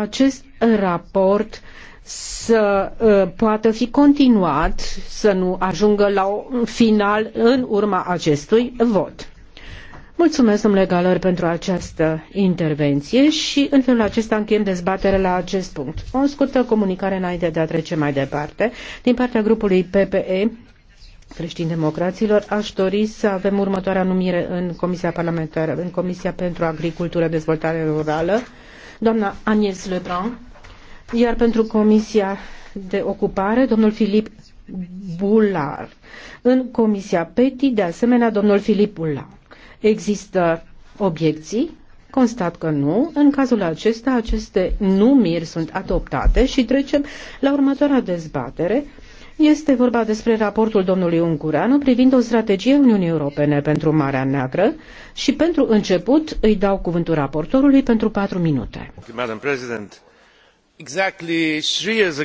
acest raport să uh, poată fi continuat, să nu ajungă la un final în urma acestui vot. Mulțumesc, domnule Galăr, pentru această intervenție și în felul acesta încheiem dezbaterea la acest punct. O scurtă comunicare înainte de a trece mai departe. Din partea grupului PPE, creștini democraților, aș dori să avem următoarea numire în Comisia Parlamentară, în Comisia pentru Agricultură, Dezvoltare Rurală, doamna Agnès Lebrun, iar pentru Comisia de Ocupare, domnul Filip Bular. În Comisia PETI, de asemenea, domnul Filip Bular. Există obiecții? Constat că nu. În cazul acesta, aceste numiri sunt adoptate și trecem la următoarea dezbatere. Este vorba despre raportul domnului Ungureanu privind o strategie Uniunii Europene pentru Marea Neagră și pentru început îi dau cuvântul raportorului pentru patru minute. Exactly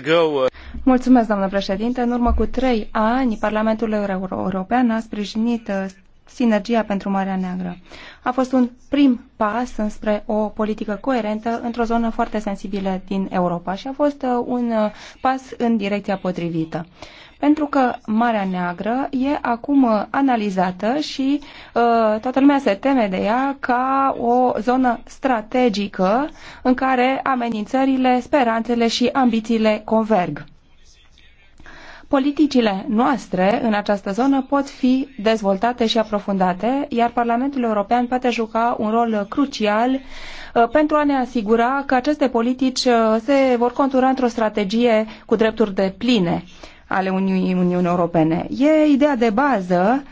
ago... Uh, Mulțumesc, doamnă președinte. În urmă cu trei ani, Parlamentul Euro European a sprijinit uh, Sinergia pentru Marea Neagră. A fost un prim pas înspre o politică coerentă într-o zonă foarte sensibilă din Europa și a fost uh, un uh, pas în direcția potrivită. Pentru că Marea Neagră e acum uh, analizată și uh, toată lumea se teme de ea ca o zonă strategică în care amenințările, speranțele și ambițiile converg. Politicile noastre în această zonă pot fi dezvoltate și aprofundate, iar Parlamentul European poate juca un rol crucial uh, pentru a ne asigura că aceste politici uh, se vor contura într-o strategie cu drepturi de pline ale Uniunii, Europene. E ideea de bază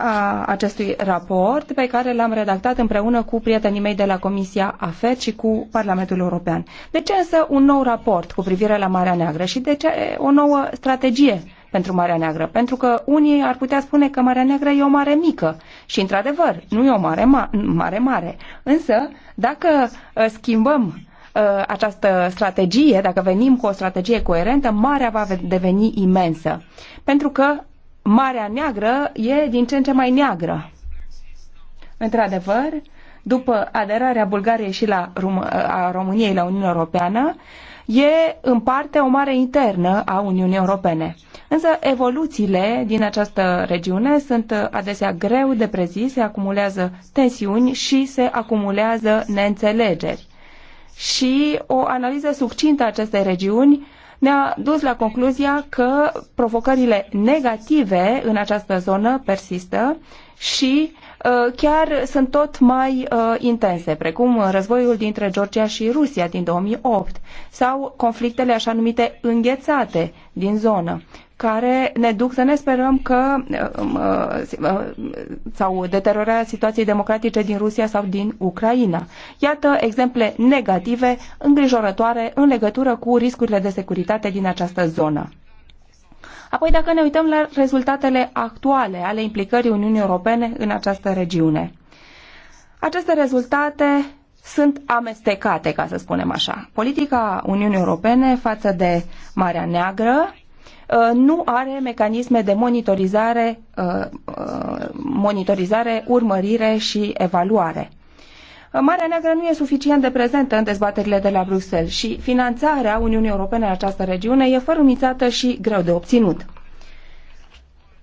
a acestui raport pe care l-am redactat împreună cu prietenii mei de la Comisia AFET și cu Parlamentul European. De ce însă un nou raport cu privire la Marea Neagră și de ce o nouă strategie pentru Marea Neagră? Pentru că unii ar putea spune că Marea Neagră e o mare mică și, într-adevăr, nu e o mare ma- mare, mare. Însă, dacă uh, schimbăm uh, această strategie, dacă venim cu o strategie coerentă, marea va deveni imensă. Pentru că Marea Neagră e din ce în ce mai neagră. Într-adevăr, după aderarea Bulgariei și la Rum- a României la Uniunea Europeană, e în parte o mare internă a Uniunii Europene. Însă evoluțiile din această regiune sunt adesea greu de prezis, se acumulează tensiuni și se acumulează neînțelegeri. Și o analiză succintă a acestei regiuni ne-a dus la concluzia că provocările negative în această zonă persistă și uh, chiar sunt tot mai uh, intense, precum războiul dintre Georgia și Rusia din 2008 sau conflictele așa numite înghețate din zonă, care ne duc să ne sperăm că um, uh, uh, sau deteriorarea situației democratice din Rusia sau din Ucraina. Iată exemple negative, îngrijorătoare în legătură cu riscurile de securitate din această zonă. Apoi dacă ne uităm la rezultatele actuale ale implicării Uniunii Europene în această regiune. Aceste rezultate sunt amestecate, ca să spunem așa. Politica Uniunii Europene față de Marea Neagră Uh, nu are mecanisme de monitorizare, uh, uh, monitorizare, urmărire și evaluare. Marea Neagră nu e suficient de prezentă în dezbaterile de la Bruxelles și finanțarea Uniunii Europene în această regiune e fărâmițată și greu de obținut.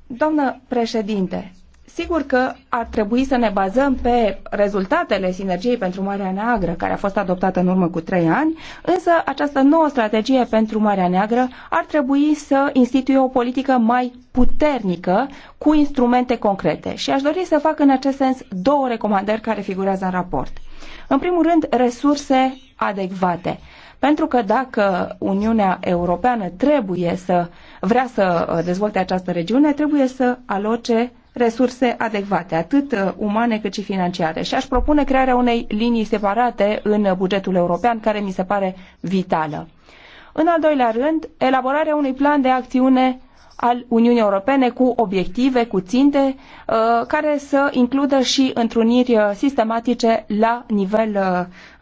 Doamnă președinte, Sigur că ar trebui să ne bazăm pe rezultatele sinergiei pentru Marea Neagră, care a fost adoptată în urmă cu trei ani, însă această nouă strategie pentru Marea Neagră ar trebui să instituie o politică mai puternică cu instrumente concrete. Și aș dori să fac în acest sens două recomandări care figurează în raport. În primul rând, resurse adecvate pentru că dacă Uniunea Europeană trebuie să vrea să uh, dezvolte această regiune, trebuie să aloce resurse adecvate, atât uh, umane cât și financiare. Și aș propune crearea unei linii separate în bugetul european, care mi se pare vitală. În al doilea rând, elaborarea unui plan de acțiune al Uniunii Europene cu obiective, cu ținte, uh, care să includă și întruniri uh, sistematice la nivel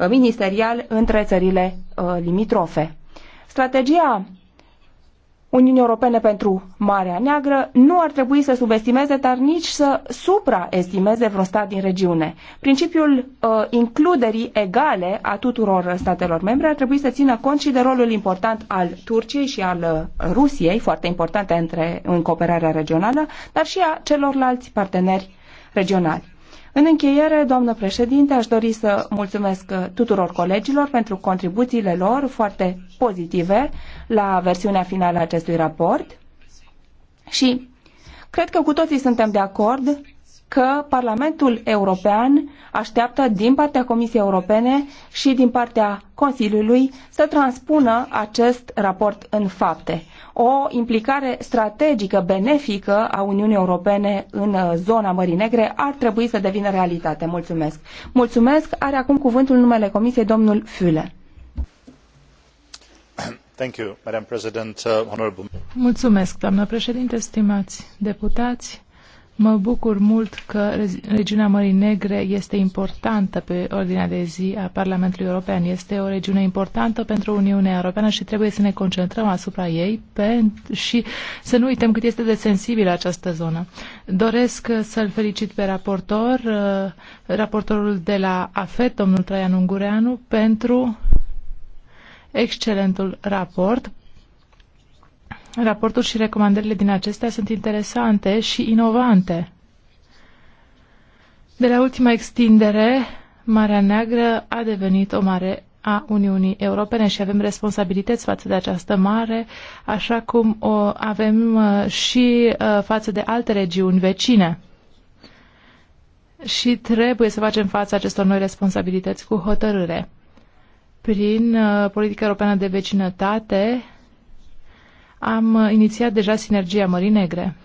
ministerial între țările limitrofe. Strategia Uniunii Europene pentru Marea Neagră nu ar trebui să subestimeze, dar nici să supraestimeze vreun stat din regiune. Principiul uh, includerii egale a tuturor statelor membre ar trebui să țină cont și de rolul important al Turciei și al uh, Rusiei, foarte importante între, în cooperarea regională, dar și a celorlalți parteneri regionali. În încheiere, doamnă președinte, aș dori să mulțumesc tuturor colegilor pentru contribuțiile lor foarte pozitive la versiunea finală a acestui raport și cred că cu toții suntem de acord că Parlamentul European așteaptă din partea Comisiei Europene și din partea Consiliului să transpună acest raport în fapte. O implicare strategică benefică a Uniunii Europene în uh, zona Mării Negre ar trebui să devină realitate. Mulțumesc. Mulțumesc. Are acum cuvântul numele Comisiei domnul Füle. Uh, Mulțumesc, doamnă președinte, stimați deputați. Mă bucur mult că regiunea Mării Negre este importantă pe ordinea de zi a Parlamentului European. Este o regiune importantă pentru Uniunea Europeană și trebuie să ne concentrăm asupra ei pe, și să nu uităm cât este de sensibilă această zonă. Doresc să-l felicit pe raportor, uh, raportorul de la AFET, domnul Traian Ungureanu, pentru excelentul raport Raportul și recomandările din acestea sunt interesante și inovante. De la ultima extindere, Marea Neagră a devenit o mare a Uniunii Europene și avem responsabilități față de această mare, așa cum o avem uh, și uh, față de alte regiuni vecine. Și trebuie să facem față acestor noi responsabilități cu hotărâre. Prin uh, politica europeană de vecinătate, am uh, inițiat deja sinergia Mării Negre,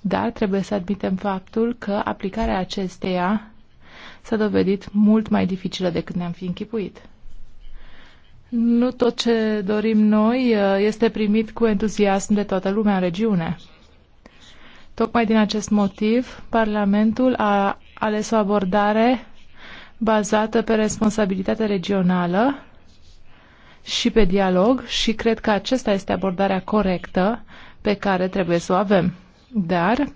dar trebuie să admitem faptul că aplicarea acesteia s-a dovedit mult mai dificilă decât ne-am fi închipuit. Nu tot ce dorim noi uh, este primit cu entuziasm de toată lumea în regiune. Tocmai din acest motiv, Parlamentul a ales o abordare bazată pe responsabilitatea regională și pe dialog și cred că acesta este abordarea corectă pe care trebuie să o avem. Dar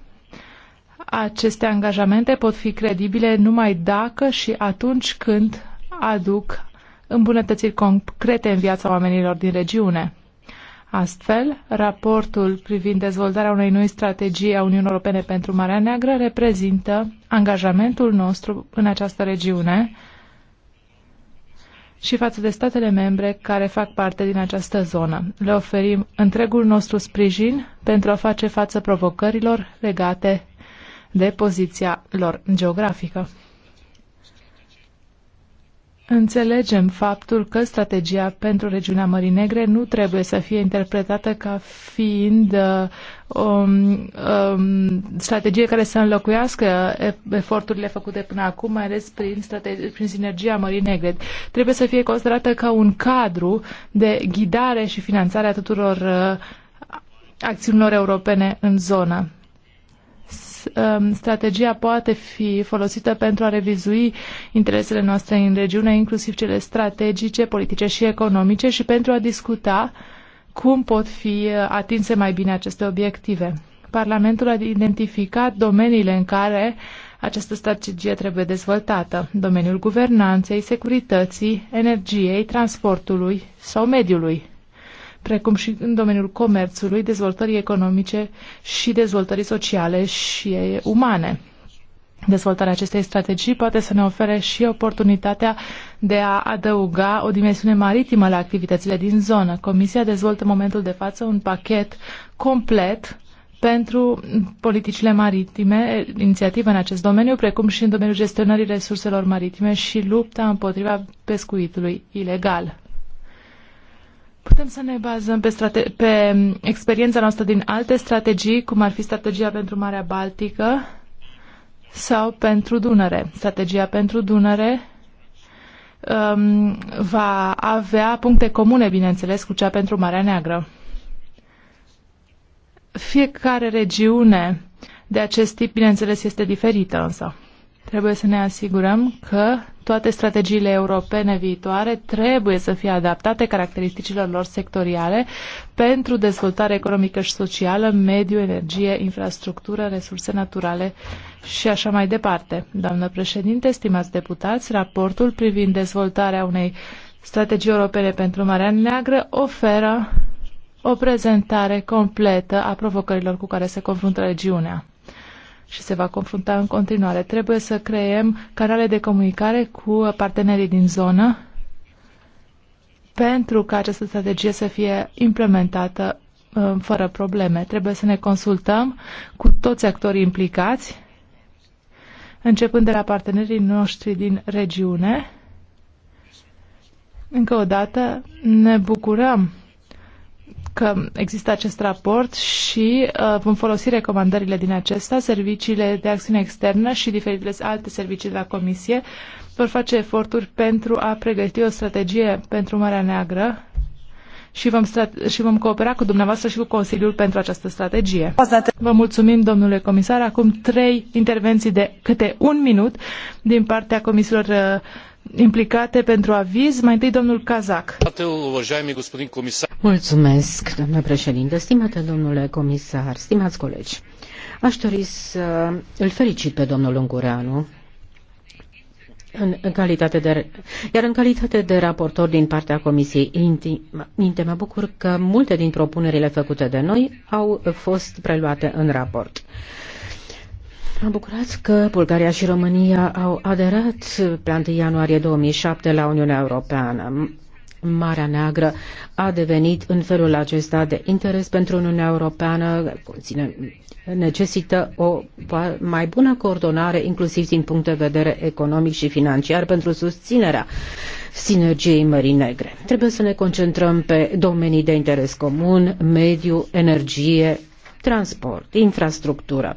aceste angajamente pot fi credibile numai dacă și atunci când aduc îmbunătățiri concrete în viața oamenilor din regiune. Astfel, raportul privind dezvoltarea unei noi strategii a Uniunii Europene pentru Marea Neagră reprezintă angajamentul nostru în această regiune și față de statele membre care fac parte din această zonă. Le oferim întregul nostru sprijin pentru a face față provocărilor legate de poziția lor geografică. Înțelegem faptul că strategia pentru regiunea Mării Negre nu trebuie să fie interpretată ca fiind o uh, um, um, strategie care să înlocuiască eforturile făcute până acum, mai ales prin, prin sinergia Mării Negre. Trebuie să fie considerată ca un cadru de ghidare și finanțare a tuturor uh, acțiunilor europene în zonă. Um, strategia poate fi folosită pentru a revizui interesele noastre în regiune, inclusiv cele strategice, politice și economice și pentru a discuta cum pot fi uh, atinse mai bine aceste obiective. Parlamentul a identificat domeniile în care această strategie trebuie dezvoltată, domeniul guvernanței, securității, energiei, transportului sau mediului precum și în domeniul comerțului, dezvoltării economice și dezvoltării sociale și umane. Dezvoltarea acestei strategii poate să ne ofere și oportunitatea de a adăuga o dimensiune maritimă la activitățile din zonă. Comisia dezvoltă în momentul de față un pachet complet pentru politicile maritime, inițiative în acest domeniu, precum și în domeniul gestionării resurselor maritime și lupta împotriva pescuitului ilegal. Putem să ne bazăm pe, strate- pe experiența noastră din alte strategii, cum ar fi strategia pentru Marea Baltică sau pentru Dunăre. Strategia pentru Dunăre um, va avea puncte comune, bineînțeles, cu cea pentru Marea Neagră. Fiecare regiune de acest tip, bineînțeles, este diferită însă. Trebuie să ne asigurăm că toate strategiile europene viitoare trebuie să fie adaptate caracteristicilor lor sectoriale pentru dezvoltare economică și socială, mediu, energie, infrastructură, resurse naturale și așa mai departe. Doamnă președinte, stimați deputați, raportul privind dezvoltarea unei strategii europene pentru Marea Neagră oferă o prezentare completă a provocărilor cu care se confruntă regiunea și se va confrunta în continuare. Trebuie să creăm canale de comunicare cu partenerii din zonă pentru ca această strategie să fie implementată uh, fără probleme. Trebuie să ne consultăm cu toți actorii implicați, începând de la partenerii noștri din regiune. Încă o dată ne bucurăm că există acest raport și uh, vom folosi recomandările din acesta. Serviciile de acțiune externă și diferitele alte servicii de la Comisie vor face eforturi pentru a pregăti o strategie pentru Marea Neagră și vom, și vom coopera cu dumneavoastră și cu Consiliul pentru această strategie. Vă mulțumim, domnule comisar. Acum trei intervenții de câte un minut din partea comisilor. uh, implicate pentru aviz. Mai întâi domnul Kazak. Mulțumesc, domnule președinte, stimate domnule comisar, stimați colegi. Aș dori să îl felicit pe domnul Ungureanu în calitate de, iar în calitate de raportor din partea Comisiei Inte, mă bucur că multe din propunerile făcute de noi au fost preluate în raport. Am bucurat că Bulgaria și România au aderat pe 1 ianuarie 2007 la Uniunea Europeană. Marea Neagră a devenit în felul acesta de interes pentru Uniunea Europeană, conține, necesită o mai bună coordonare, inclusiv din punct de vedere economic și financiar, pentru susținerea sinergiei Mării Negre. Trebuie să ne concentrăm pe domenii de interes comun, mediu, energie, transport, infrastructură.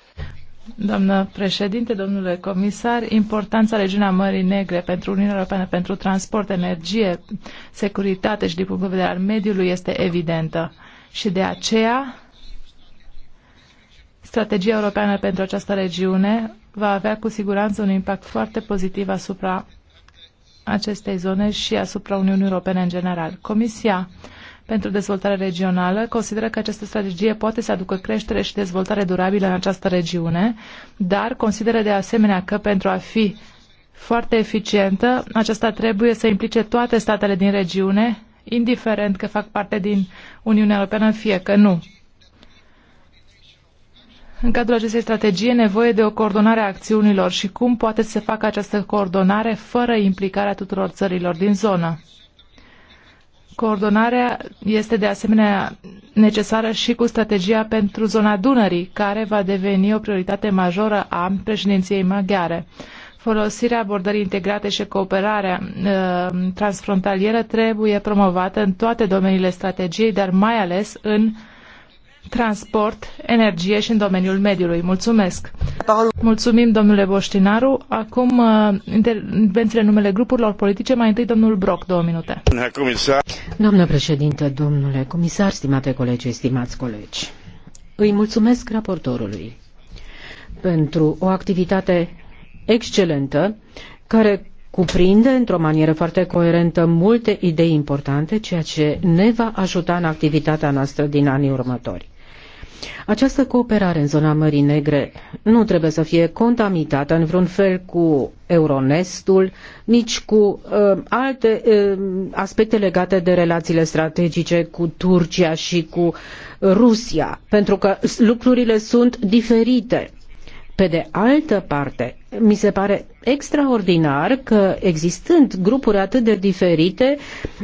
Doamnă președinte, domnule comisar, importanța regiunea Mării Negre pentru Uniunea Europeană, pentru transport, energie, securitate și din punct de vedere al mediului este evidentă. Și de aceea, strategia europeană pentru această regiune va avea cu siguranță un impact foarte pozitiv asupra acestei zone și asupra Uniunii Europene în general. Comisia pentru dezvoltare regională consideră că această strategie poate să aducă creștere și dezvoltare durabilă în această regiune, dar consideră de asemenea că pentru a fi foarte eficientă, aceasta trebuie să implice toate statele din regiune, indiferent că fac parte din Uniunea Europeană, fie că nu. În cadrul acestei strategii e nevoie de o coordonare a acțiunilor și cum poate să se facă această coordonare fără implicarea tuturor țărilor din zonă. Coordonarea este de asemenea necesară și cu strategia pentru zona Dunării, care va deveni o prioritate majoră a președinției maghiare. Folosirea abordării integrate și cooperarea uh, transfrontalieră trebuie promovată în toate domeniile strategiei, dar mai ales în uh, transport, energie și în domeniul mediului. Mulțumesc! Mulțumim, domnule Boștinaru. Acum, uh, intervențiile numele grupurilor politice. Mai întâi, domnul Broc, două minute. Doamnă președinte, domnule comisar, stimate colegi, stimați colegi, îi mulțumesc raportorului pentru o activitate excelentă care cuprinde într-o manieră foarte coerentă multe idei importante, ceea ce ne va ajuta în activitatea noastră din anii următori. Această cooperare în zona Mării Negre nu trebuie să fie contaminată în vreun fel cu Euronestul, nici cu uh, alte uh, aspecte legate de relațiile strategice cu Turcia și cu Rusia, pentru că lucrurile sunt diferite. Pe de altă parte, mi se pare extraordinar că existând grupuri atât de diferite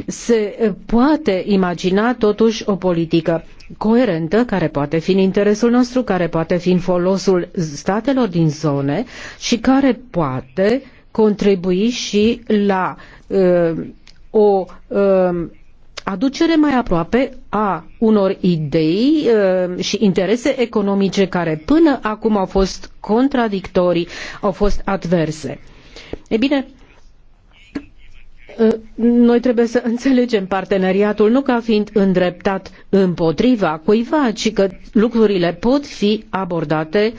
se poate imagina totuși o politică coerentă care poate fi în interesul nostru, care poate fi în folosul statelor din zone și care poate contribui și la uh, o uh, aducere mai aproape a unor idei uh, și interese economice care până acum au fost contradictorii, au fost adverse. E bine, uh, noi trebuie să înțelegem parteneriatul nu ca fiind îndreptat împotriva cuiva, ci că lucrurile pot fi abordate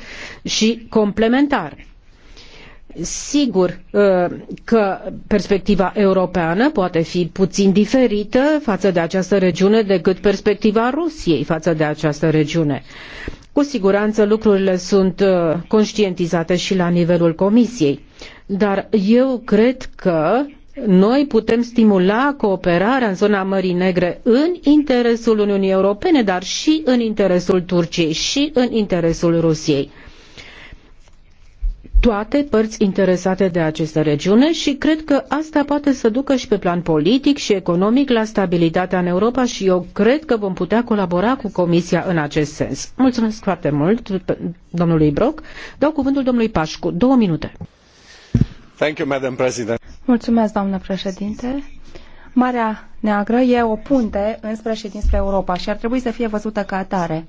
și complementare. Sigur uh, că perspectiva europeană poate fi puțin diferită față de această regiune decât perspectiva Rusiei față de această regiune. Cu siguranță lucrurile sunt uh, conștientizate și la nivelul Comisiei, dar eu cred că noi putem stimula cooperarea în zona Mării Negre în interesul Uniunii Europene, dar și în interesul Turciei și în interesul Rusiei toate părți interesate de această regiune și cred că asta poate să ducă și pe plan politic și economic la stabilitatea în Europa și eu cred că vom putea colabora cu Comisia în acest sens. Mulțumesc foarte mult domnului Brock. Dau cuvântul domnului Pașcu. Două minute. Thank you, Madam President. Mulțumesc, doamnă președinte. Marea Neagră e o punte înspre și dinspre Europa și ar trebui să fie văzută ca atare.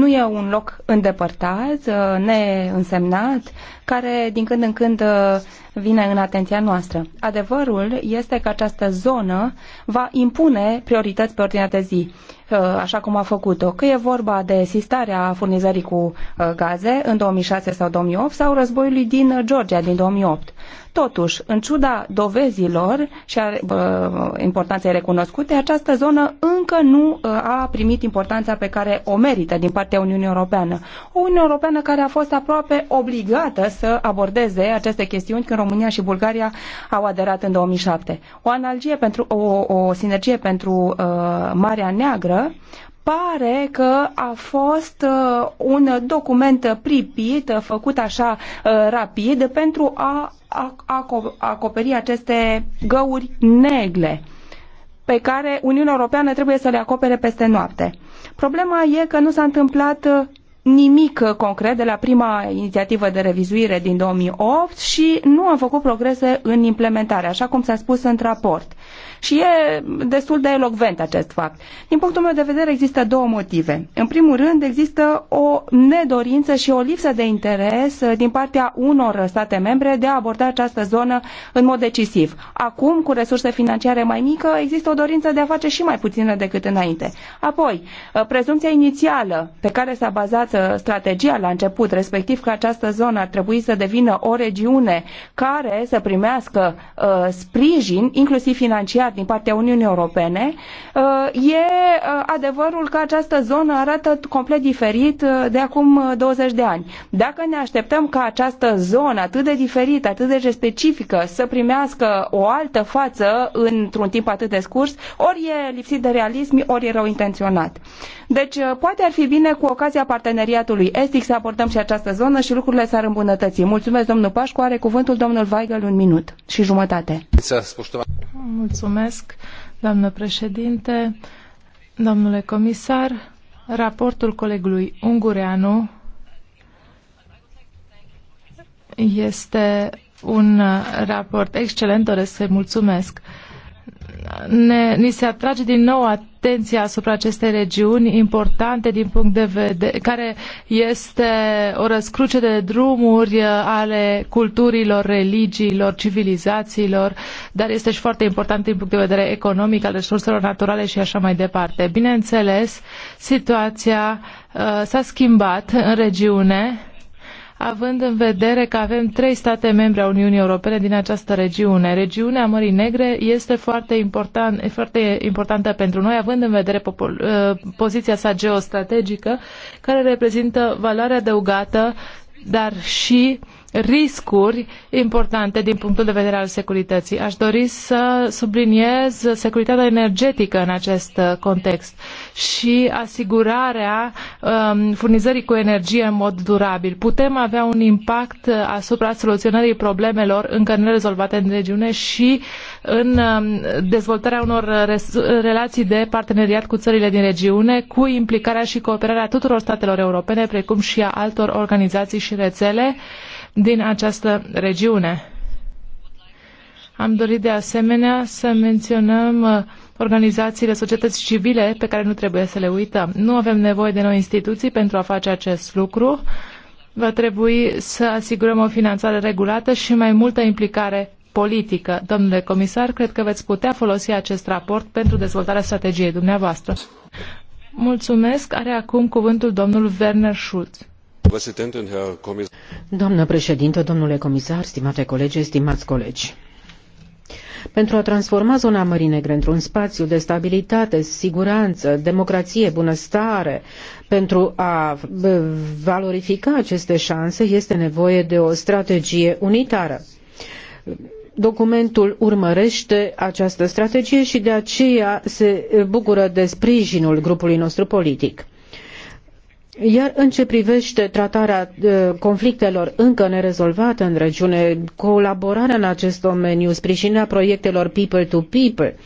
Nu e un loc îndepărtat, uh, neînsemnat, care din când în când uh, vine în atenția noastră. Adevărul este că această zonă va impune priorități pe ordinea de zi, uh, așa cum a făcut-o, că e vorba de sistarea furnizării cu uh, gaze în 2006 sau 2008 sau războiului din Georgia din 2008. Totuși, în ciuda dovezilor și a uh, importanței recunoscute, această zonă încă nu a primit importanța pe care o merită din partea Uniunii Europeană. O Uniune Europeană care a fost aproape obligată să abordeze aceste chestiuni când România și Bulgaria au aderat în 2007. O analgie pentru o, o sinergie pentru uh, Marea Neagră pare că a fost uh, un document pripit, uh, făcut așa uh, rapid, pentru a, a, a acoperi aceste găuri negle pe care Uniunea Europeană trebuie să le acopere peste noapte. Problema e că nu s-a întâmplat uh, nimic concret de la prima inițiativă de revizuire din 2008 și nu am făcut progrese în implementare, așa cum s-a spus în raport. Și e destul de elocvent acest fapt. Din punctul meu de vedere există două motive. În primul rând există o nedorință și o lipsă de interes uh, din partea unor state membre de a aborda această zonă în mod decisiv. Acum, cu resurse financiare mai mică, există o dorință de a face și mai puțină decât înainte. Apoi, uh, prezumția inițială pe care s-a bazat uh, strategia la început, respectiv că această zonă ar trebui să devină o regiune care să primească uh, sprijin, inclusiv financiar, financiar din partea Uniunii Europene, uh, e uh, adevărul că această zonă arată complet diferit uh, de acum 20 de ani. Dacă ne așteptăm ca această zonă atât de diferită, atât de specifică, să primească o altă față într-un timp atât de scurs, ori e lipsit de realism, ori e rău intenționat. Deci, poate ar fi bine cu ocazia parteneriatului estic să abordăm și această zonă și lucrurile s-ar îmbunătăți. Mulțumesc, domnul Pașcu. Are cuvântul domnul Weigel un minut și jumătate. Mulțumesc, doamnă președinte, domnule comisar. Raportul colegului Ungureanu este un raport excelent, doresc să-i mulțumesc ne, ni se atrage din nou atenția asupra acestei regiuni importante din punct de vedere, care este o răscruce de drumuri uh, ale culturilor, religiilor, civilizațiilor, dar este și foarte important din punct de vedere economic, al resurselor naturale și așa mai departe. Bineînțeles, situația uh, s-a schimbat în regiune având în vedere că avem trei state membre a Uniunii Europene din această regiune. Regiunea Mării Negre este foarte, important, foarte importantă pentru noi, având în vedere popul, uh, poziția sa geostrategică, care reprezintă valoare adăugată, dar și riscuri importante din punctul de vedere al securității. Aș dori să subliniez securitatea energetică în acest uh, context și asigurarea um, furnizării cu energie în mod durabil. Putem avea un impact asupra soluționării problemelor încă nerezolvate în regiune și în um, dezvoltarea unor relații de parteneriat cu țările din regiune, cu implicarea și cooperarea tuturor statelor europene, precum și a altor organizații și rețele din această regiune. Am dorit de asemenea să menționăm uh, organizațiile societății civile pe care nu trebuie să le uităm. Nu avem nevoie de noi instituții pentru a face acest lucru. Va trebui să asigurăm o finanțare regulată și mai multă implicare politică. Domnule comisar, cred că veți putea folosi acest raport pentru dezvoltarea strategiei dumneavoastră. Mulțumesc. Are acum cuvântul domnul Werner Schulz. Doamnă președintă, domnule comisar, stimate colegi, stimați colegi, pentru a transforma zona Mării Negre într-un spațiu de stabilitate, siguranță, democrație, bunăstare, pentru a valorifica aceste șanse, este nevoie de o strategie unitară. Documentul urmărește această strategie și de aceea se bucură de sprijinul grupului nostru politic. Iar în ce privește tratarea uh, conflictelor încă nerezolvate în regiune, colaborarea în acest domeniu, sprijinirea proiectelor people to people,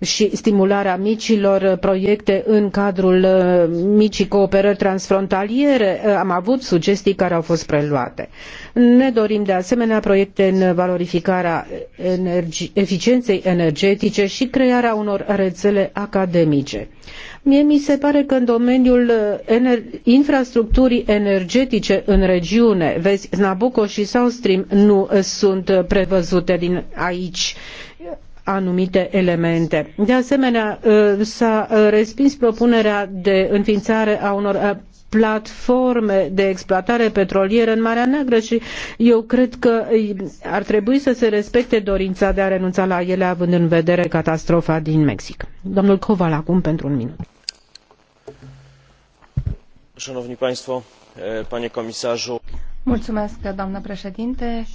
și stimularea micilor proiecte în cadrul uh, micii cooperări transfrontaliere. Uh, am avut sugestii care au fost preluate. Ne dorim de asemenea proiecte în valorificarea energi- eficienței energetice și crearea unor rețele academice. Mie mi se pare că în domeniul uh, ener- infrastructurii energetice în regiune, vezi, Nabucco și South Stream nu sunt prevăzute din aici anumite elemente. De asemenea, uh, s-a uh, respins propunerea de înființare a unor uh, platforme de exploatare petrolieră în Marea Neagră și eu cred că ar trebui să se respecte dorința de a renunța la ele având în vedere catastrofa din Mexic. Domnul Coval acum pentru un minut. Państwo, Panie Mulțumesc, doamnă președinte.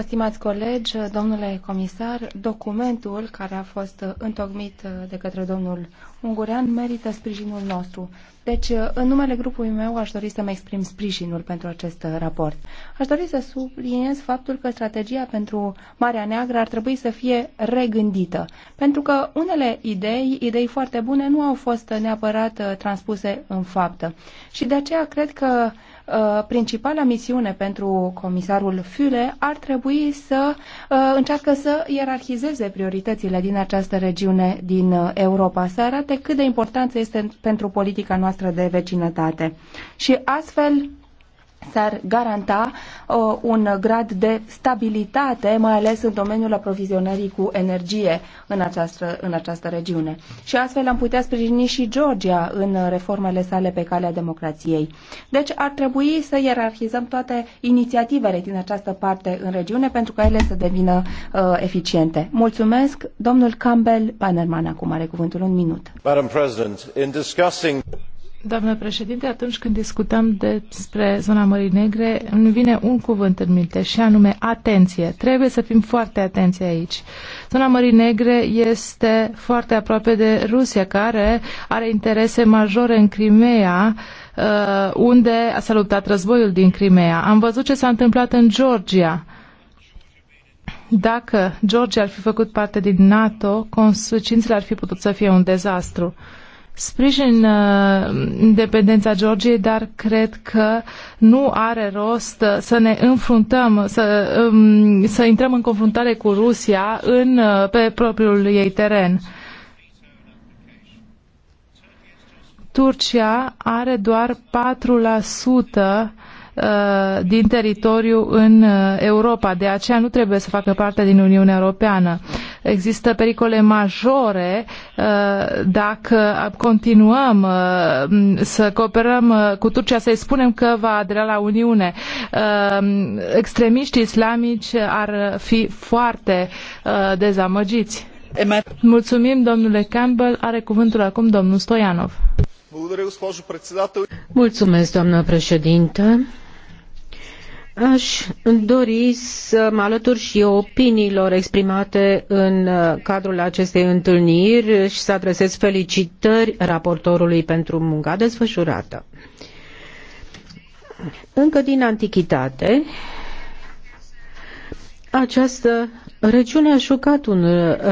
Stimați colegi, domnule comisar, documentul care a fost întocmit de către domnul Ungurean merită sprijinul nostru. Deci, în numele grupului meu, aș dori să-mi exprim sprijinul pentru acest raport. Aș dori să subliniez faptul că strategia pentru Marea Neagră ar trebui să fie regândită, pentru că unele idei, idei foarte bune, nu au fost neapărat transpuse în faptă. Și de aceea cred că Uh, principala misiune pentru comisarul Füle ar trebui să uh, încearcă să ierarhizeze prioritățile din această regiune din uh, Europa, să arate cât de importanță este pentru politica noastră de vecinătate. Și astfel s-ar garanta Uh, un grad de stabilitate, mai ales în domeniul aprovizionării cu energie în această, în această regiune. Și astfel am putea sprijini și Georgia în reformele sale pe calea democrației. Deci ar trebui să ierarhizăm toate inițiativele din această parte în regiune pentru ca ele să devină uh, eficiente. Mulțumesc, domnul Campbell Panerman, acum are cuvântul un minut. Madam President, in discussing Doamnă președinte, atunci când discutăm despre zona Mării Negre, îmi vine un cuvânt în minte și anume atenție. Trebuie să fim foarte atenți aici. Zona Mării Negre este foarte aproape de Rusia, care are interese majore în Crimea, uh, unde a salutat războiul din Crimea. Am văzut ce s-a întâmplat în Georgia. Dacă Georgia ar fi făcut parte din NATO, consecințele ar fi putut să fie un dezastru. Sprijin uh, independența Georgiei, dar cred că nu are rost uh, să ne înfruntăm, să, um, să intrăm în confruntare cu Rusia în, uh, pe propriul ei teren. Turcia are doar 4% din teritoriu în Europa. De aceea nu trebuie să facă parte din Uniunea Europeană. Există pericole majore uh, dacă continuăm uh, să cooperăm uh, cu Turcia, să-i spunem că va adera la Uniune. Extremiștii islamici ar fi foarte dezamăgiți. Mulțumim, domnule Campbell. Are cuvântul acum domnul Stoianov. Mulțumesc, doamnă președintă. Aș dori să mă alătur și eu opiniilor exprimate în uh, cadrul acestei întâlniri și să adresez felicitări raportorului pentru munca desfășurată. Încă din antichitate, această Regiunea a jucat un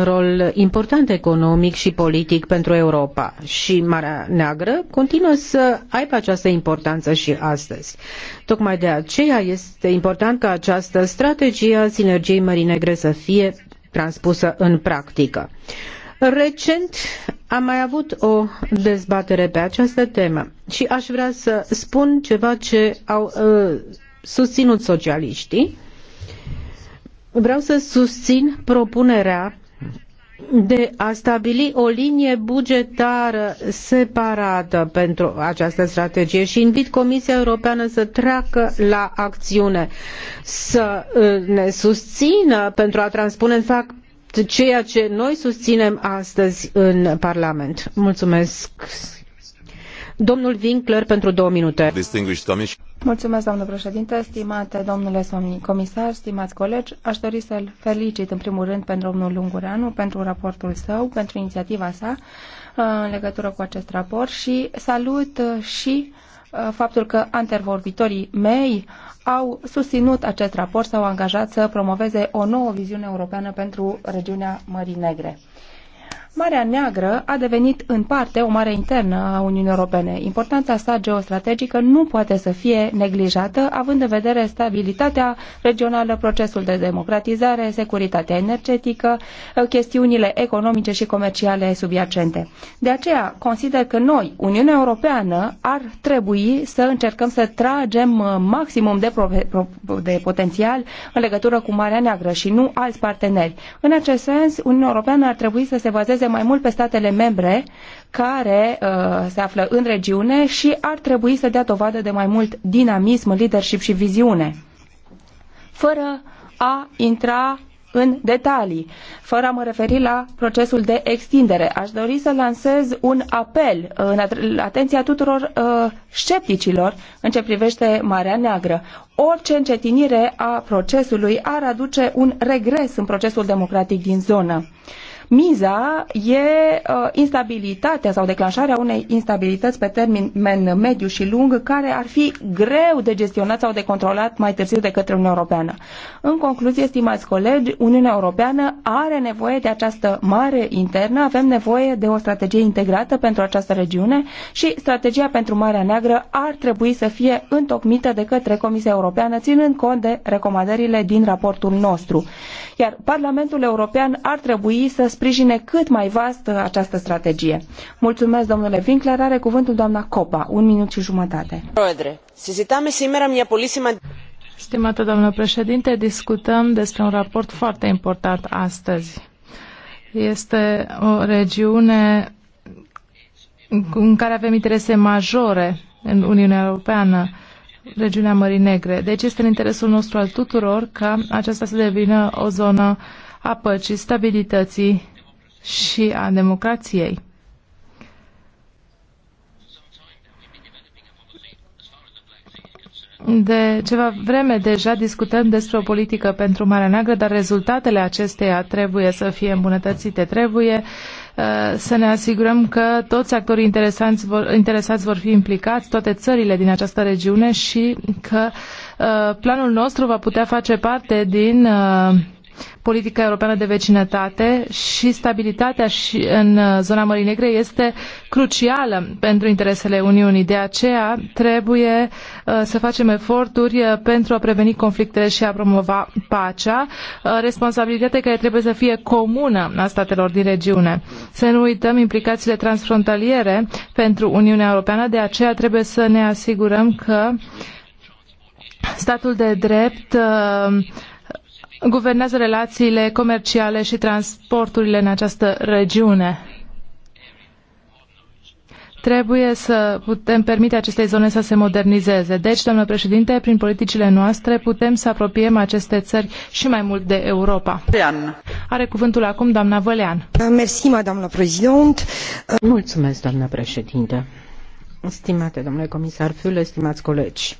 rol important economic și politic pentru Europa și Marea Neagră continuă să aibă această importanță și astăzi. Tocmai de aceea este important ca această strategie a sinergiei Mării Negre să fie transpusă în practică. Recent am mai avut o dezbatere pe această temă și aș vrea să spun ceva ce au uh, susținut socialiștii Vreau să susțin propunerea de a stabili o linie bugetară separată pentru această strategie și invit Comisia Europeană să treacă la acțiune, să uh, ne susțină pentru a transpune în fapt ceea ce noi susținem astăzi în Parlament. Mulțumesc! Domnul Winkler pentru două minute. Mulțumesc, doamnă președinte, stimate domnule comisar, stimați colegi. Aș dori să-l felicit în primul rând pentru domnul Lungureanu, pentru raportul său, pentru inițiativa sa uh, în legătură cu acest raport și salut uh, și uh, faptul că antervorbitorii mei au susținut acest raport, s-au angajat să promoveze o nouă viziune europeană pentru regiunea Mării Negre. Marea Neagră a devenit în parte o mare internă a Uniunii Europene. Importanța sa geostrategică nu poate să fie neglijată, având în vedere stabilitatea regională, procesul de democratizare, securitatea energetică, chestiunile economice și comerciale subiacente. De aceea, consider că noi, Uniunea Europeană, ar trebui să încercăm să tragem uh, maximum de, de potențial în legătură cu Marea Neagră și nu alți parteneri. În acest sens, Uniunea Europeană ar trebui să se bazeze bazeze mai mult pe statele membre care uh, se află în regiune și ar trebui să dea dovadă de mai mult dinamism, leadership și viziune, fără a intra în detalii. Fără a mă referi la procesul de extindere, aș dori să lansez un apel uh, în atenția tuturor uh, scepticilor în ce privește Marea Neagră. Orice încetinire a procesului ar aduce un regres în procesul democratic din zonă. Uh, Miza e uh, instabilitatea sau declanșarea unei instabilități pe termen mediu și lung care ar fi greu de gestionat sau de controlat mai târziu de către Uniunea Europeană. În concluzie, stimați colegi, Uniunea Europeană are nevoie de această mare internă, avem nevoie de o strategie integrată pentru această regiune și strategia pentru Marea Neagră ar trebui să fie întocmită de către Comisia Europeană, ținând cont de recomandările din raportul nostru. Iar Parlamentul European ar trebui să sprijine cât mai vastă această strategie. Mulțumesc, domnule Winkler. Are cuvântul doamna Copa. Un minut și jumătate. Stimată doamnă președinte, discutăm despre un raport foarte important astăzi. Este o regiune în care avem interese majore în Uniunea Europeană, regiunea Mării Negre. Deci este în interesul nostru al tuturor ca aceasta să devină o zonă uh, a păcii, stabilității și a democrației. De ceva vreme deja discutăm despre o politică pentru Marea Neagră, dar rezultatele acesteia trebuie să fie îmbunătățite. Trebuie uh, să ne asigurăm că toți actorii interesanți vor, interesați vor fi implicați, toate țările din această regiune și că uh, planul nostru va putea face parte din uh, politica europeană de vecinătate și stabilitatea și în uh, zona Mării Negre este crucială pentru interesele Uniunii. De aceea trebuie uh, să facem eforturi uh, pentru a preveni conflictele și a promova pacea, responsabilitatea care trebuie să fie comună a statelor din regiune. Să nu uităm implicațiile transfrontaliere pentru Uniunea Europeană, de aceea trebuie să ne asigurăm că statul de drept uh, guvernează relațiile comerciale și transporturile în această regiune. Trebuie să putem permite acestei zone să se modernizeze. Deci, doamnă președinte, prin politicile noastre putem să apropiem aceste țări și mai mult de Europa. Are cuvântul acum doamna Vălean. Mersi, doamnă președinte. Mulțumesc, doamnă președinte. Stimate domnule comisar Fiule, stimați colegi,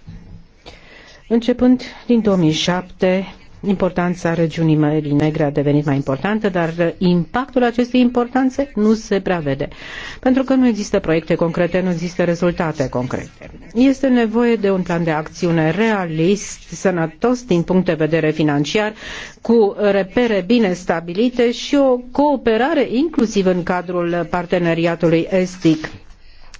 începând din 2007, importanța regiunii Mării Negre a devenit mai importantă, dar uh, impactul acestei importanțe nu se prea vede, pentru că nu există proiecte concrete, nu există rezultate concrete. Este nevoie de un plan de acțiune realist, sănătos din punct de vedere financiar, cu repere bine stabilite și o cooperare inclusiv în cadrul parteneriatului estic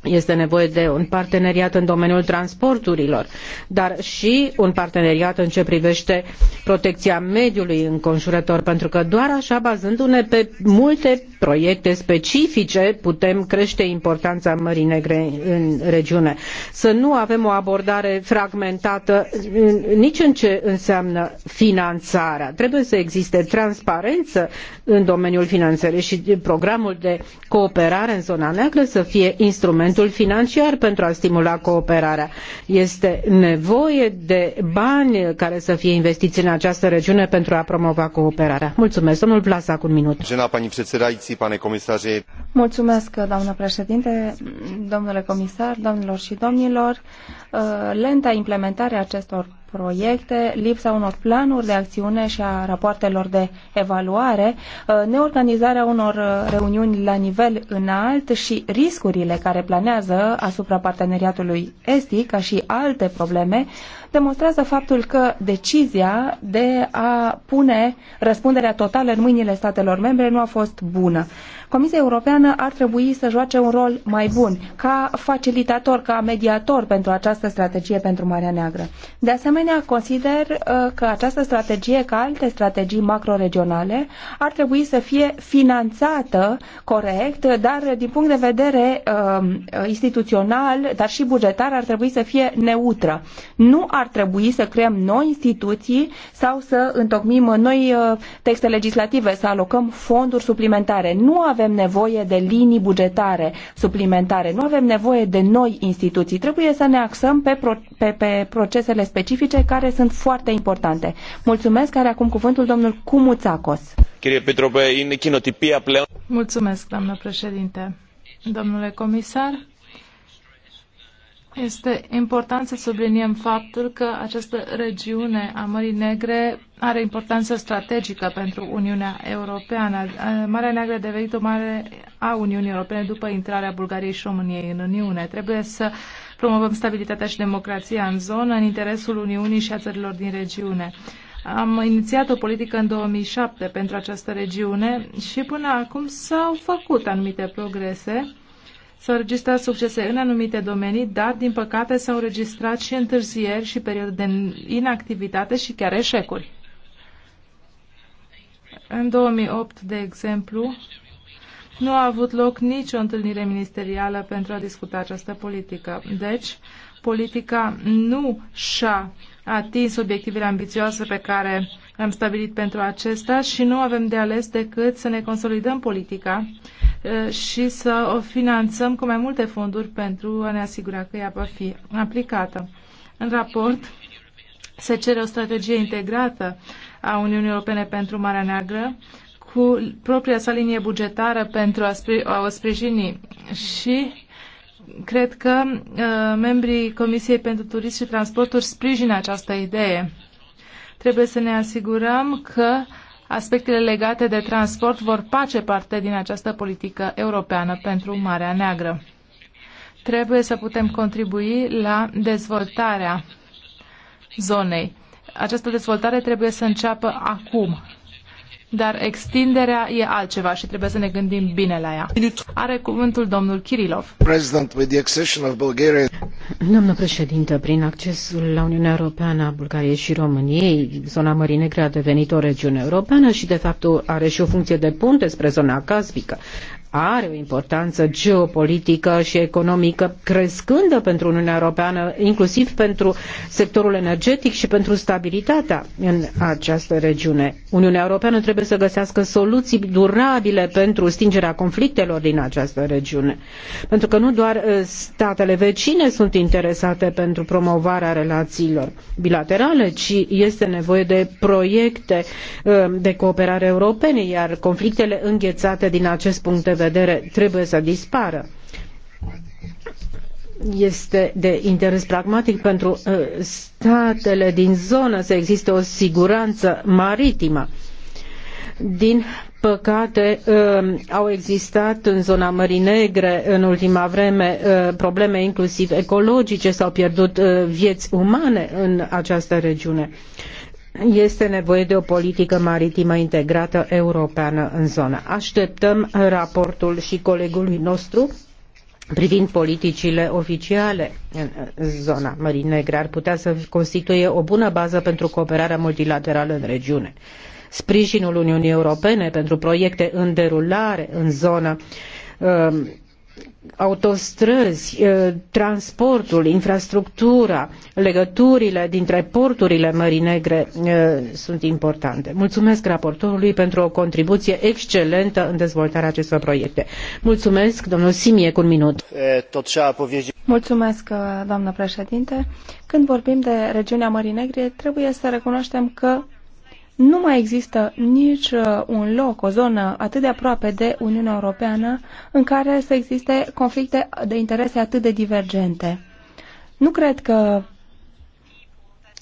este nevoie de un parteneriat în domeniul transporturilor, dar și un parteneriat în ce privește protecția mediului înconjurător, pentru că doar așa, bazându-ne pe multe proiecte specifice, putem crește importanța Mării Negre în regiune. Să nu avem o abordare fragmentată nici în ce înseamnă finanțarea. Trebuie să existe transparență în domeniul finanțării și programul de cooperare în zona neagră să fie instrument instrumentul financiar pentru a stimula cooperarea. Este nevoie de bani care să fie investiți în această regiune pentru a promova cooperarea. Mulțumesc, domnul Vlasac, un minut. Mulțumesc, doamnă președinte, domnule comisar, domnilor și domnilor. Lenta implementare a acestor proiecte, lipsa unor planuri de acțiune și a rapoartelor de evaluare, uh, neorganizarea unor uh, reuniuni la nivel înalt și riscurile care planează asupra parteneriatului estic, ca și alte probleme, demonstrează faptul că decizia de a pune răspunderea totală în mâinile statelor membre nu a fost bună. Comisia Europeană ar trebui să joace un rol mai bun ca facilitator, ca mediator pentru această strategie pentru Marea Neagră. De asemenea, consider uh, că această strategie, ca alte strategii macroregionale, ar trebui să fie finanțată corect, dar din punct de vedere uh, instituțional, dar și bugetar, ar trebui să fie neutră. Nu ar trebui să creăm noi instituții sau să întocmim noi uh, texte legislative, să alocăm fonduri suplimentare. Nu avem nevoie de linii bugetare suplimentare, nu avem nevoie de noi instituții. Trebuie să ne axăm pe, pro- pe, pe procesele specifice care sunt foarte importante. Mulțumesc, care acum cuvântul domnul Cumuțacos. Mulțumesc, doamnă președinte. Domnule comisar, este important să subliniem faptul că această regiune a Mării Negre are importanță strategică pentru Uniunea Europeană. Marea Neagră a devenit o mare a Uniunii Europene după intrarea Bulgariei și României în Uniune. Trebuie să promovăm stabilitatea și democrația în zonă, în interesul Uniunii și a țărilor din regiune. Am inițiat o politică în 2007 pentru această regiune și până acum s-au făcut anumite progrese S-au înregistrat succese în anumite domenii, dar, din păcate, s-au înregistrat și întârzieri și perioade de inactivitate și chiar eșecuri. În 2008, de exemplu, nu a avut loc nicio întâlnire ministerială pentru a discuta această politică. Deci, politica nu și-a atins obiectivele ambițioase pe care am stabilit pentru acesta și nu avem de ales decât să ne consolidăm politica uh, și să o finanțăm cu mai multe fonduri pentru a ne asigura că ea va fi aplicată. În raport se cere o strategie integrată a Uniunii Europene pentru Marea Neagră cu propria sa linie bugetară pentru a, spri- a o sprijini și cred că uh, membrii Comisiei pentru Turism și Transporturi sprijină această idee. Trebuie să ne asigurăm că aspectele legate de transport vor face parte din această politică europeană pentru Marea Neagră. Trebuie să putem contribui la dezvoltarea zonei. Această dezvoltare trebuie să înceapă acum dar extinderea e altceva și trebuie să ne gândim bine la ea. Are cuvântul domnul Kirilov. Doamnă președintă, prin accesul la Uniunea Europeană a Bulgariei și României, zona Mării Negre a devenit o regiune europeană și de fapt are și o funcție de punte spre zona caspică are o importanță geopolitică și economică crescândă pentru Uniunea Europeană, inclusiv pentru sectorul energetic și pentru stabilitatea în această regiune. Uniunea Europeană trebuie să găsească soluții durabile pentru stingerea conflictelor din această regiune. Pentru că nu doar uh, statele vecine sunt interesate pentru promovarea relațiilor bilaterale, ci este nevoie de proiecte uh, de cooperare europene, iar conflictele înghețate din acest punct de vedere trebuie să dispară. Este de interes pragmatic pentru uh, statele din zonă să existe o siguranță maritimă. Din păcate, uh, au existat în zona Mării Negre în ultima vreme uh, probleme inclusiv ecologice, s-au pierdut vieți umane în această regiune este nevoie de o politică maritimă integrată europeană în zonă. Așteptăm raportul și colegului nostru privind politicile oficiale în zona Mării Negre ar putea să constituie o bună bază pentru cooperarea multilaterală în regiune. Sprijinul Uniunii Europene pentru proiecte în derulare în zonă um, autostrăzi, eh, transportul, infrastructura, legăturile dintre porturile Mării Negre eh, sunt importante. Mulțumesc raportorului pentru o contribuție excelentă în dezvoltarea acestor proiecte. Mulțumesc, domnul Simie, cu un minut. Eh, Mulțumesc, doamnă președinte. Când vorbim de regiunea Mării Negre, trebuie să recunoaștem că nu mai există nici uh, un loc, o zonă atât de aproape de Uniunea Europeană în care să existe conflicte de interese atât de divergente. Nu cred că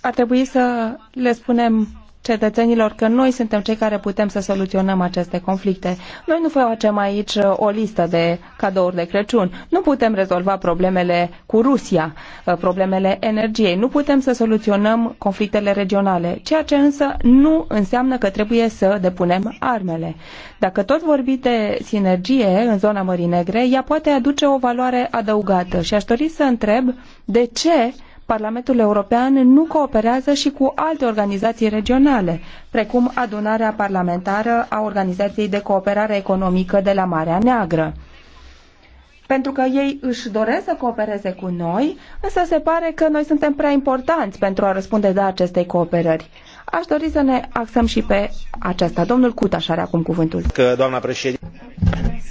ar trebui să le spunem cetățenilor că noi suntem cei care putem să soluționăm aceste conflicte. Noi nu facem aici uh, o listă de cadouri de Crăciun. Nu putem rezolva problemele cu Rusia, uh, problemele energiei. Nu putem să soluționăm conflictele regionale, ceea ce însă nu înseamnă că trebuie să depunem armele. Dacă tot vorbim de sinergie în zona Mării Negre, ea poate aduce o valoare adăugată și aș dori să întreb de ce Parlamentul European nu cooperează și cu alte organizații regionale, precum adunarea parlamentară a Organizației de Cooperare Economică de la Marea Neagră pentru că ei își doresc să coopereze cu noi, însă se pare că noi suntem prea importanți pentru a răspunde de acestei cooperări. Aș dori să ne axăm și pe aceasta. Domnul Cutaș are acum cuvântul. Că, doamna președinte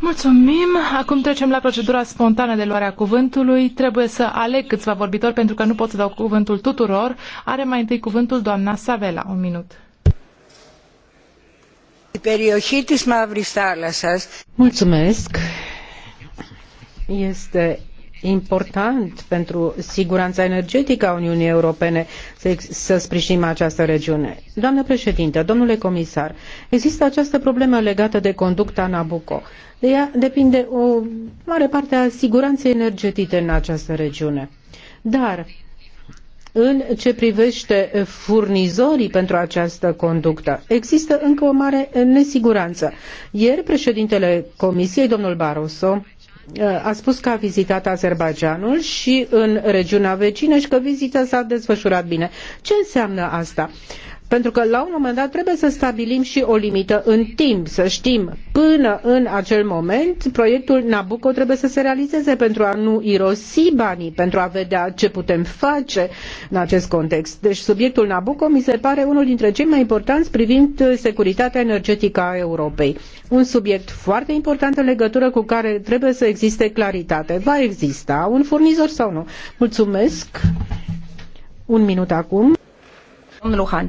Mulțumim. Acum trecem la procedura spontană de luare a cuvântului. Trebuie să aleg câțiva vorbitori pentru că nu pot să dau cuvântul tuturor. Are mai întâi cuvântul doamna Savela. Un minut. Mulțumesc. Este important pentru siguranța energetică a Uniunii Europene să, să sprijinim această regiune. Doamnă președinte, domnule comisar, există această problemă legată de conducta Nabucco. De ea depinde o mare parte a siguranței energetice în această regiune. Dar în ce privește furnizorii pentru această conductă. Există încă o mare nesiguranță. Ieri președintele Comisiei, domnul Barroso, a spus că a vizitat Azerbaijanul și în regiunea vecină și că vizita s-a desfășurat bine. Ce înseamnă asta? Pentru că la un moment dat trebuie să stabilim și o limită în timp, să știm până în acel moment proiectul Nabucco trebuie să se realizeze pentru a nu irosi banii, pentru a vedea ce putem face în acest context. Deci subiectul Nabucco mi se pare unul dintre cei mai importanți privind uh, securitatea energetică a Europei. Un subiect foarte important în legătură cu care trebuie să existe claritate. Va exista un furnizor sau nu? Mulțumesc! Un minut acum. Domnul Luhan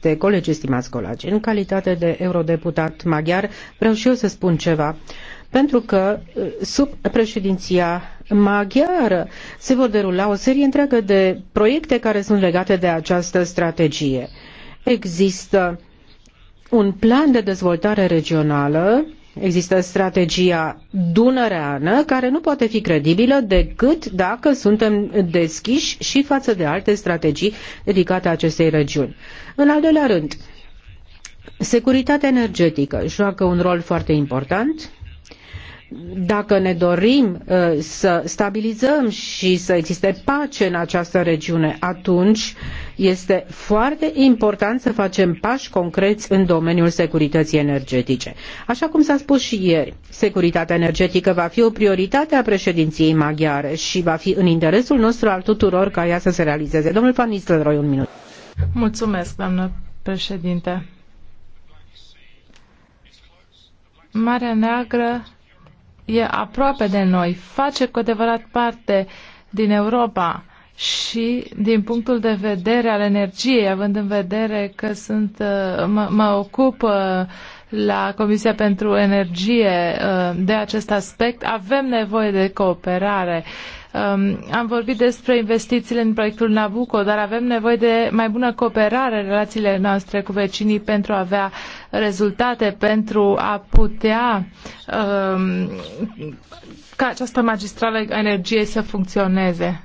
de colegi, estimați colegi, în calitate de eurodeputat maghiar, vreau și eu să spun ceva. Pentru că uh, sub președinția maghiară se vor derula o serie întreagă de proiecte care sunt legate de această strategie. Există un plan de dezvoltare regională Există strategia dunăreană care nu poate fi credibilă decât dacă suntem deschiși și față de alte strategii dedicate acestei regiuni. În al doilea rând, securitatea energetică joacă un rol foarte important dacă ne dorim uh, să stabilizăm și să existe pace în această regiune, atunci este foarte important să facem pași concreți în domeniul securității energetice. Așa cum s-a spus și ieri, securitatea energetică va fi o prioritate a președinției maghiare și va fi în interesul nostru al tuturor ca ea să se realizeze. Domnul Van Nistelrooy, un minut. Mulțumesc, doamnă președinte. Marea Neagră e aproape de noi, face cu adevărat parte din Europa și din punctul de vedere al energiei, având în vedere că sunt, uh, mă, mă ocup uh, la Comisia pentru Energie uh, de acest aspect, avem nevoie de cooperare Um, am vorbit despre investițiile în proiectul Nabucco, dar avem nevoie de mai bună cooperare în relațiile noastre cu vecinii pentru a avea rezultate, pentru a putea um, ca această magistrală a energiei să funcționeze.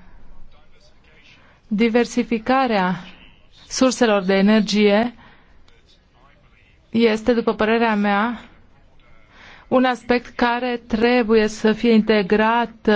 Diversificarea surselor de energie este, după părerea mea, un aspect care trebuie să fie integrat uh,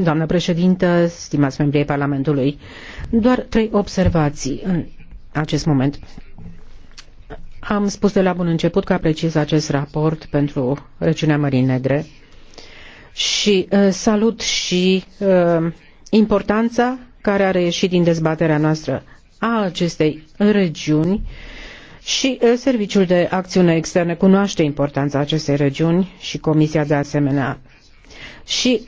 Doamnă președintă, stimați membrii Parlamentului, doar trei observații în acest moment. Am spus de la bun început că apreciez acest raport pentru regiunea Mării Negre și uh, salut și uh, importanța care are ieșit din dezbaterea noastră a acestei regiuni și uh, Serviciul de Acțiune externă cunoaște importanța acestei regiuni și Comisia de asemenea. Și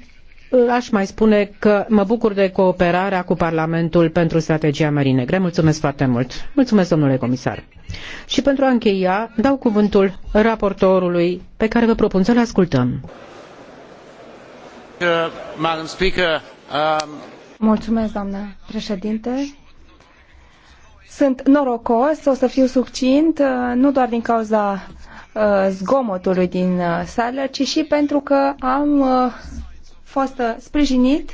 aș mai spune că mă bucur de cooperarea cu Parlamentul pentru strategia Mării Negre. Mulțumesc foarte mult. Mulțumesc, domnule comisar. Și pentru a încheia, dau cuvântul raportorului pe care vă propun să-l ascultăm. Um, Mulțumesc, doamnă președinte. Sunt norocos, o să fiu succint, uh, nu doar din cauza uh, zgomotului din uh, sală, ci și pentru că am fost uh, sprijinit,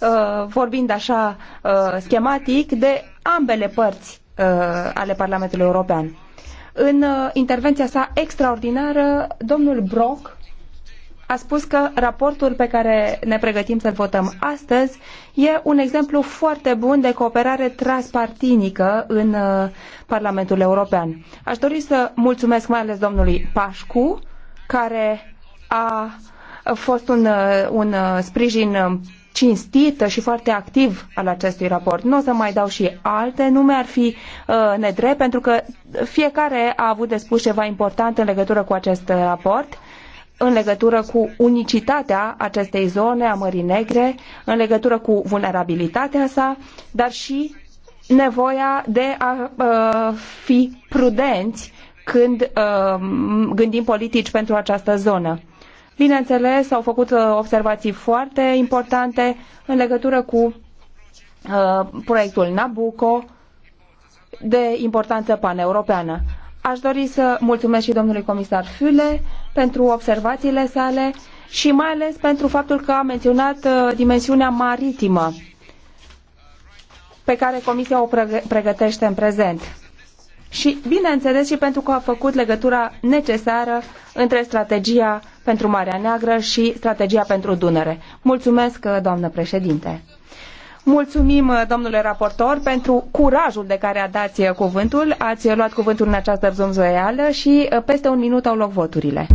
uh, vorbind așa uh, schematic, de ambele părți ale Parlamentului European. În intervenția sa extraordinară, domnul Brock a spus că raportul pe care ne pregătim să-l votăm astăzi e un exemplu foarte bun de cooperare transpartinică în Parlamentul European. Aș dori să mulțumesc mai ales domnului Pașcu, care a a fost un, uh, un uh, sprijin um, cinstit și foarte activ al acestui raport. Nu o să mai dau și alte nume, ar fi uh, nedrept, pentru că fiecare a avut de spus ceva important în legătură cu acest uh, raport în legătură cu unicitatea acestei zone a Mării Negre, în legătură cu vulnerabilitatea sa, dar și nevoia de a uh, fi prudenți când uh, gândim politici pentru această zonă Bineînțeles, au făcut uh, observații foarte importante în legătură cu uh, proiectul Nabucco de importanță paneuropeană. Aș dori să mulțumesc și domnului comisar Füle pentru observațiile sale și mai ales pentru faptul că a menționat uh, dimensiunea maritimă pe care Comisia o pregătește în prezent și, bineînțeles, și pentru că a făcut legătura necesară între strategia pentru Marea Neagră și strategia pentru Dunăre. Mulțumesc, uh, doamnă președinte! Mulțumim, uh, domnule raportor, pentru curajul de care a dat uh, cuvântul. Ați luat cuvântul în această zonzoială și peste un minut au loc voturile.